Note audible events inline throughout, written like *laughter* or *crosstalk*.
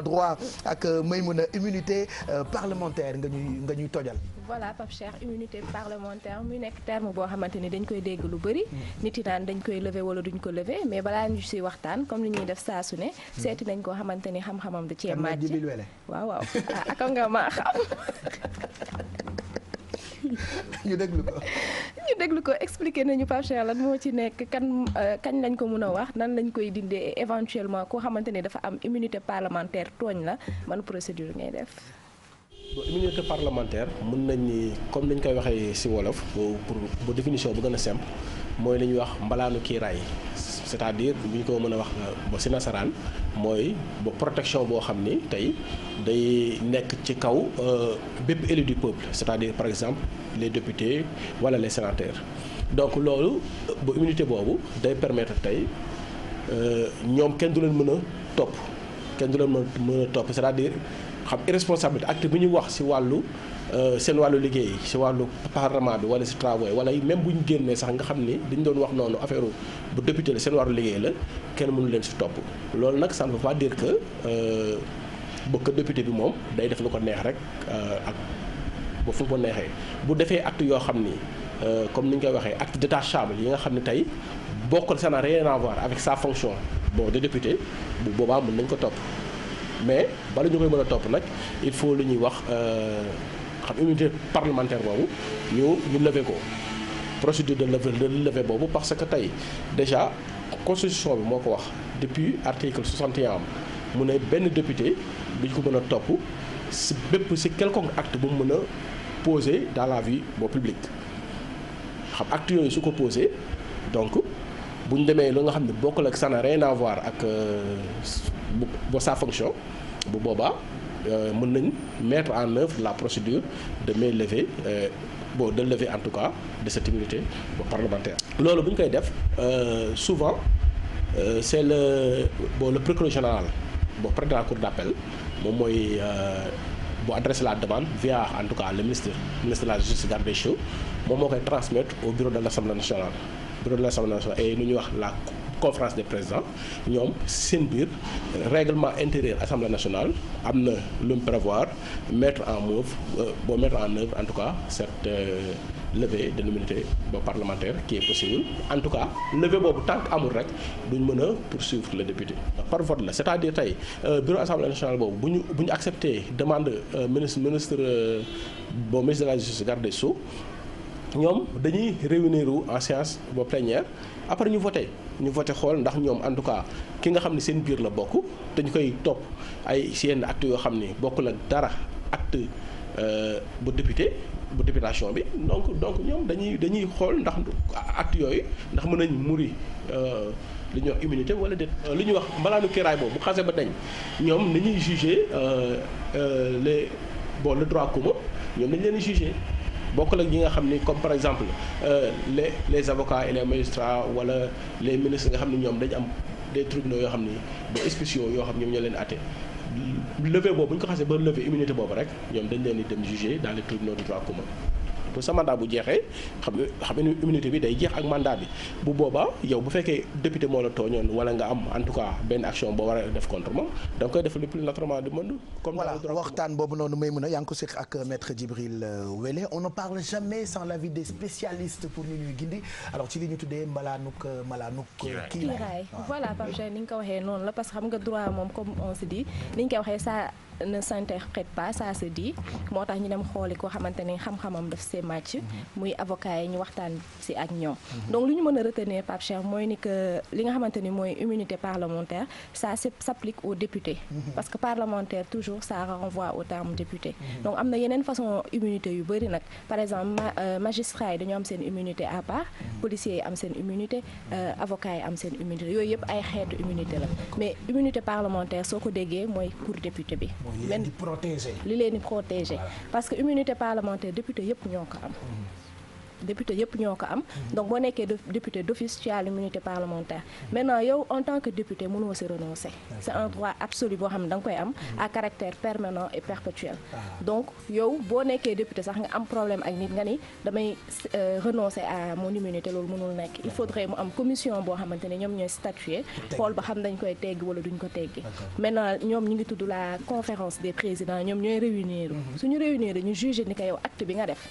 droit ak euh, Maymouna immunité euh, parlementaire nga ñuy nga ñuy tojal. voilà Pape Cheikh immunité parlementaire muy nekk terme boo xamante ni dañ koy dégg lu bëri. Mm. nit yi naan dañ koy lever wala duñ ko lever mais balaa ñu si waxtaan comme li ñuy def saa su ne. Mm. seeti nañ koo xamante ni xam-xamam da cee màcc. waaw waaw ah nga ma xam. *laughs* ñu déglu ko. *laughs* déglu ko expliqué nañu Pape Cheikh moo ci nekk kan euh, kañ lañ ko mun a wax nan lañ koy dindee éventuellement koo xamante ne dafa am immunité parlementaire tooñ la man procédure ngay def. bon immunité parlementaire mën nañ ni comme nañ koy waxee ci wolof pour pour définition bu gën a simple mooy lañuy ñuy wax mbalaanu kiiraay. c'est-à-dire bu ñu ko mën a wax euh, ba si nasaraan mooy ba protection boo xam ni tey day nekk ci kaw euh, bépp élu du peuple c'est-à-dire par exemple les députés wala les sénateurs donc loolu ba immunité boobu day permettre tey euh, ñoom kenn du leen mën a topp kenn du leen mën a topp c'est-à-dire xam irresponsabilité acte bi ñu wax si wàllu euh, seen wàllu liggéey si wàllu parlement bi wala si travaux wala même bu ñu génnee sax nga xam ni dañu doon wax noonu affaire bu député la seen wàllu liggéey la kenn mënu leen si topp. loolu nag ça ne veut pas dire euh, bokk député bi moom day def lu ko neex rek euh, ak ba fu mu ko neexee bu defee acte yoo xam ni comme ni ñu koy waxee acte détachable yi nga xam ne tey bokkul ça n'a rien à voir avec sa fonction bon de député bu boobaa mën nañ ko topp. mais bala ñu koy mën a topp nag il faut lu ñuy wax euh, xam immunité parlementaire boobu yow ñu lever ko procédure de lever de lever boobu parce que tey déjà constitution bi moo ko wax depuis article 61 am mu ne benn député duñ ko mën a topp si bépp si quelconque acte bu mu mën a poser dans la vie boo publique xam acte yooyu su ko posé donc bu ñu demee lu nga xam ne bokkul ak ça n'a rien ak euh, bu bu boobaa euh, mën nañ mettre en œuvre la procédure de mainlevée euh, bon de levée en tout cas de cette immunité loolu bu ñu koy def souvent c'est le bon le procureur général bon près de la cour d'appel moom mooy. bu adressé la demande via en tout cas le ministre ministre la justice Garbe Chou moom moo koy transmettre au bureau de l'Assemblée nationale bureau de l'Assemblée nationale lu ñu wax la conférence des président ñoom seen biir règlement intérieur assemblée nationale am na lu mu prévoir mettre en œuvre euh, boo mettre en œuvre en tout cas cette euh, levée de l'immunité bo parlementaire qui est possible en tout cas levée boobu tant que amul rek duñ mën a poursuivre le député par vote la c'est-à-dire tey euh, bureau assemblée nationale boobu bu ñu bu ñu accepté demande ministre ministre bon ministre de la justice garde des sceaux ñoom dañuy réunir en séance boo plénière après ñu voté ñu voté xool ndax ñoom en tout cas ki nga xam ne seen biir la bokk te ñu koy topp ay si yenn actes yoo xam ne bokk la dara acte euh, bu député bu députation bi donc donc ñoom dañuy dañuy xool ndax actes yooyu ndax mën nañ muri euh, li ñuy wax immunité wala de euh, lu ñuy wax mbalaanu kiiraay boobu bu xase ba dañ ñoom nañuy juger les bon le droit commun ñoom dañ leen jugé bokk ak ñi nga xam ni comme par exemple euh, les les avocats et les magistrats wala les ministres nga xam ni ñoom dañu am des tribunaux yoo xam ni des spéciaux yoo xam ñoom ñoo leen àtte levé boobu bu ñu ko xasee ba levé immunité boobu rek ñoom dañ leen di dem juger dans les tribunaux de droit commun te sa mandat bu jeexee xam xam ne immunité bi day jeex ak mandat bi bu boobaa yow bu fekkee député moo la tooñoon wala nga am en tout cas benn action boo war a def contre moom da koy def a ak maître Djibril euh, Wélé on ne parle jamais sans l'avis des spécialistes pour ñu ñuy gindi alors ci li ñu tuddee mbalaanuk euh, mbalaanuk. Euh, kiiraay voilà Pape Cheikh ni nga ko waxee noonu la parce que xam nga droit moom comme on se dit ni ñu koy waxee ça. ne s'interprète pas ça se dit moo tax ñu dem xooli koo xamante ne xam-xamam daf see màcc mhm. muy avocat yi ñu waxtaan si ak ñoom mhm. donc lu ñu mën a retenir Pape Cheikh mooy ni que li nga xamante ni mooy immunité parlementaire ça s'applique aux députés mhm. parce que parlementaire toujours ça renvoie au temps député donc am na yeneen façon immunité yu bëri nag par exemple euh, magistrat yi dañoo am seen immunité à part policiers yi am seen immunité euh, avocats yi am seen immunité yooyu yëpp ay xeetu immunité la mais immunité parlementaire soo ko déggee mooy pour député bi mooy li leen di protéger li leen di protéger parce que immunité parlementaire député yëpp ñoo ko am mm-hmm. député yëpp ñoo ko am mhm. donc boo nekkee député d'office tu as l'immunité parlementaire mhm. maintenant yow en tant que député mënoo si renoncer c'est un droit absolu boo xam ne da nga koy am mhm. à caractère permanent et perpétuel ah. donc yow boo nekkee député sax nga am problème ak nit nga ni damay euh, renoncer à mon immunité loolu mënul nekk il faudrait mu am commission boo xamante ne ñoom ñooy statuer xool ba xam dañ koy teggi wala duñ ko teggi maintenant ñoom ñu ngi tudd la conférence des présidents ñoom ñooy réunir suñu réunir ñu juger ni ko yow acte bi nga def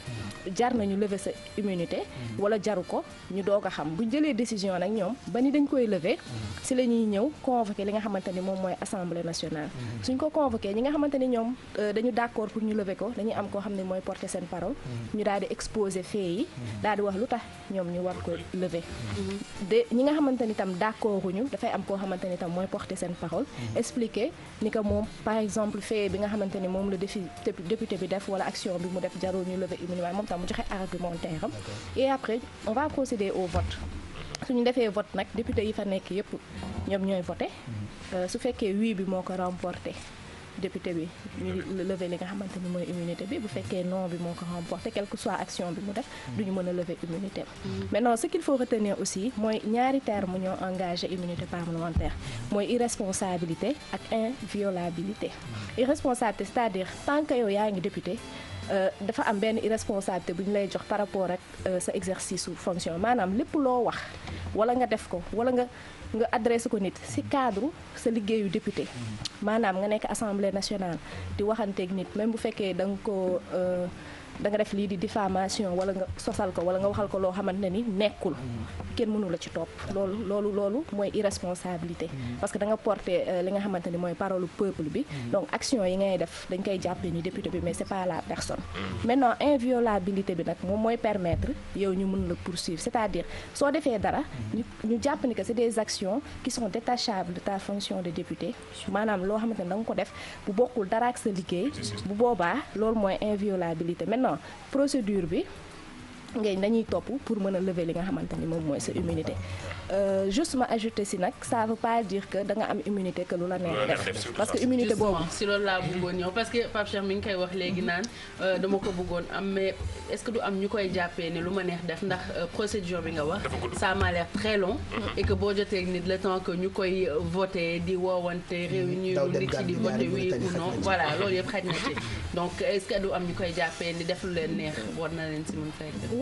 immunité wala jaru ko ñu doog a xam bu jëlee décision nag ñoom ba ni dañ koy lever si la ñuy ñëw convoqué li nga xamante ni moom mooy assemblée nationale suñ ko convoqué ñi nga xamante ni ñoom euh, dañu d'accord pour ñu lever ko dañu am koo xam ne mooy porter seen parole mm-hmm. ñu daal di exposer fait yi mm-hmm. daal di wax lu tax ñoom ñu war ko mm-hmm. lever de ñi nga xamante ni tam d'accorduñu dafay am koo xamante ni tam mooy porter seen parole expliquer ni que moom par exemple fait bi nga xamante ni moom la défi député bi def wala action bi mu def jarul ñu lever immunité moom tam mu joxe argumentaire xam et après on va procéder au vote su ñu defee vote nag député yi fa nekk yëpp ñoom ñooy voté mmh. euh, su fekkee oui bi moo ko remporté député bi ñu lever li nga xamante ni mooy immunité bi bu fekkee non bi moo ko remporté quelle que soit action bi mu def mmh. ñu mën a lever immunité bi mmh. maintenant ce qu'il faut retenir aussi mooy ñaari terme ñoo engagé immunité parlementaire mooy irresponsabilité ak inviolabilité irresponsabilité c'est-à-dire tant que yow yaa ngi député Euh, dafa am benn irresponsabilité bu ñu lay jox par rapport ak euh, sa exercice su fonction maanaam lépp loo wax wala nga def ko wala nga nga adressé ko nit ci cadre sa liggéeyu député mm-hmm. maanaam nga nekk assemblée nationale di waxanteeg nit même bu fekkee danga ko euh, da nga def lii di diffamation wala nga sosal ko wala nga waxal ko loo xamante ni nekkul kenn mënu la ci topp loolu loolu loolu mooy irresponsabilité mm-hmm. parce que da nga porter euh, li nga xamante ni mooy parole peuple bi mm-hmm. donc action yi ngay def dañ koy jàppe ni député bi mais c'est pas la personne mm-hmm. maintenant inviolabilité bi nag moom mooy permettre yow ñu mën la poursuivre c'est-à-dire soo defee dara ñu jàpp ni que c'est des actions qui sont détachables de ta fonction de député maanaam loo xamante ni da nga ko def bu bokkul dara ak sa liggéey bu boobaa loolu mooy inviolabilité maintenant procédure bi ngay dañuy topp pour mën a lever li nga xamante ni moom mooy sa immunité euh, juste ma ajouter si nag ça veut pas dire que da nga am immunité que lu la neex def parce que immunité boobu si loolu laa bëggoon ñëw parce que Pape Cheikh ngi koy wax léegi naan euh, dama ko bëggoon am mais est-ce que du am ñu koy jàppee ne lu ma neex def ndax euh, procédure bi nga wax ça m'a l'air très mm-hmm. boo jotee nit le temps que ñu koy voté di woowante mm-hmm. réunir lu nit ci di voté oui ou non voilà loolu yëpp xaj na ci donc est-ce du am ñu koy jàppee ni def lu leen neex war na leen si mën fekk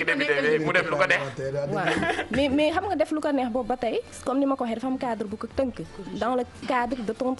nekk député bi xam nga def lu ko neex boobu ba tey comme ni ma ko waxee dafa am cadre bu ko tënk dans le cadre de ton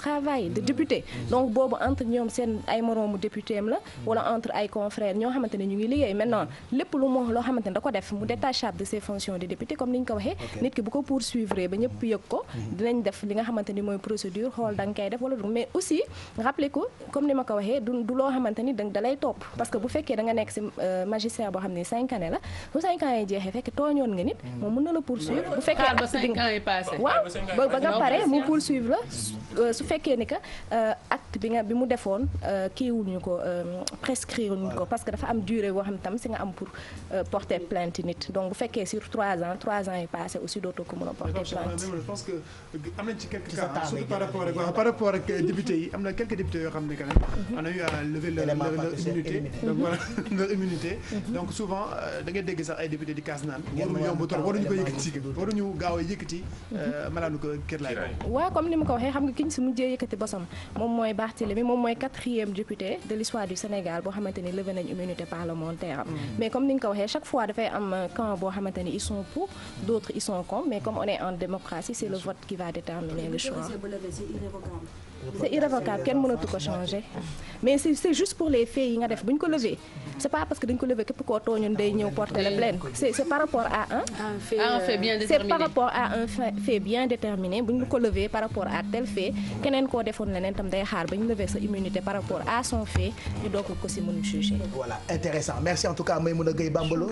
seen ay moroomu député la wala entre ay confrères ñoo xamante ne ñu ngi liggéey maintenant lépp lu moo loo xamante ne da ko def mu détachable de ses fonctions de député comme ni ñu ko waxee nit ki bu ko poursuivre ba ñëpp yëg ko dinañ def li nga xamante ni mooy procédure xool da nga koy def wala du mais aussi rappelé ko comme ni ma ko waxee du loo xamante ni da dalay topp parce que bu fekkee danga nekk si euh, magistrat boo xam ne cinq années la bu cinq ans yi jeexee fekk tooñoon nga nit mm. moom mën na la poursuivre mm. bu fekkee acte bi waaw ba nga pare mu poursuivre la mm. euh, su fekkee ni que euh, acte bi nga bi mu defoon euh, kiiwul ñu ko prescrire ñu ko parce que dafa am durée boo xam tam si nga am pour porter plainte nit donc bu fekkee sur trois ans trois ans yi passé aussi dootoo ko mën a porter plainte je pense que am nañ ci quelques cas surtout par rapport ak par rapport ak député yi am na quelques députés yoo xam ne quand même on a eu à lever leur immunité donc voilà mhm. *laughs* leur immunité mhm. donc souvent da dégg sax ay député di kaas naan waruñu yomb trop waruñu ko yëkkati waruñu gaaw a yëkkati euh, malaanu ko kër laay waaw comme ni ma ko waxee xam nga ki si mujjee yëkkati bosam moom mooy Barthélémy moom mooy quatrième député de l'histoire du Sénégal boo xamante ni levé immunité parlementaire mm. mais comme ni nga ko waxee chaque fois dafay am camp boo xamante ni pour d'autres ils sont mais comme on est en démocratie c'est le vote c'est irrévocable kenn mënatu ko changer mais c'est c'est juste pour les faits yi nga def bu ñu ko lever c'est pas parce que dañ ko lever képp koo tooñoon day ñëw porter la plainte c'est par rapport à un un bien déterminé bu ñu ko lever par rapport à tel fait keneen koo defoon leneen tam day xaar ba ñu lever sa immunité par rapport à son fait ñu doog ko si mën juger voilà intéressant merci en tout cas Maymouna Gueye Bambalo